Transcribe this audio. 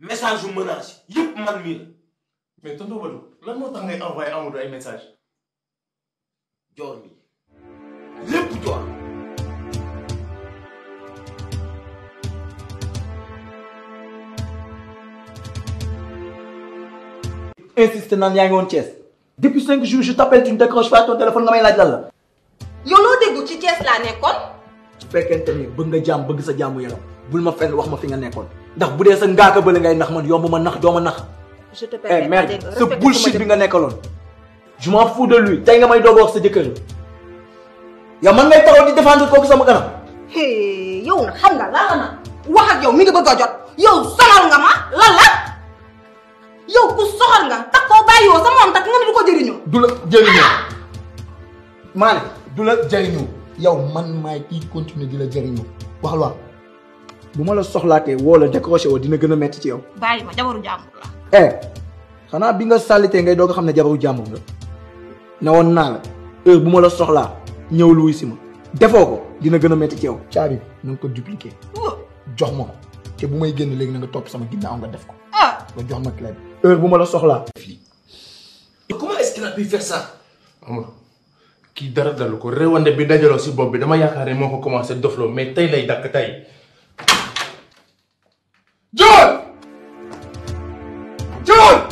message ou menace yëpp man mii mais tonton Badou lan moo tax ngay envoyé Amadou ay message joor mi toi. insiste naan yaa ngi woon depuis 5 jours je t'appelle tu ne décroches pas ton téléphone nga la laaj lan la. yow loo déggu ci Thiès laa nekkoon. su fekkente ni bëgg nga jàmm bëgg sa jàmmu yaram bul ma fenn wax ma fi nga nekkoon. ndax bu dee sa ngaaka bële ngay nax man yomb ma nax doo nax. je te eh, permets eh merde ce bullshit bi nga nekkaloon. je m'en fous de lui tey nga may doog wax sa jëkkër yow ya, man ngay taxaw di défendre kooku sama kanam. hee yow na xam nga lan la wax ak yow mi nga bëgg a jot yow sonal nga ma la yow ku soxal nga tak kau bayar? sa orang tak nga ne du ko jëriñoo. du la jëriñoo maa ne du la jëriñoo yow man di la jëriñoo wax lu bu ma la soxlaatee woo la décroché woo dina gën a metti ci yow. bàyyi ma jabaru jàmbur la. eh xanaa bi nga sàllitee ngay doog a xam ne jabaru jàmbur nga ne woon naa eh, la heure bu ma la soxlaa ñëw lu si ma defoo ko dina gën a metti ci yow. caabi bi ko dupliquer. jox ma ko te bu may génn léegi na nga topp sama ginnaaw nga def ko. ah nga jox ma clé bi. heure bu ma la soxlaa. fii eh, comment est-ce qu'il a pu faire ça. Amadou kii dara dalu ko bi dajaloo si bopp bi dama yaakaar moo ko commencé dofloo mais tey lay tey. John! John!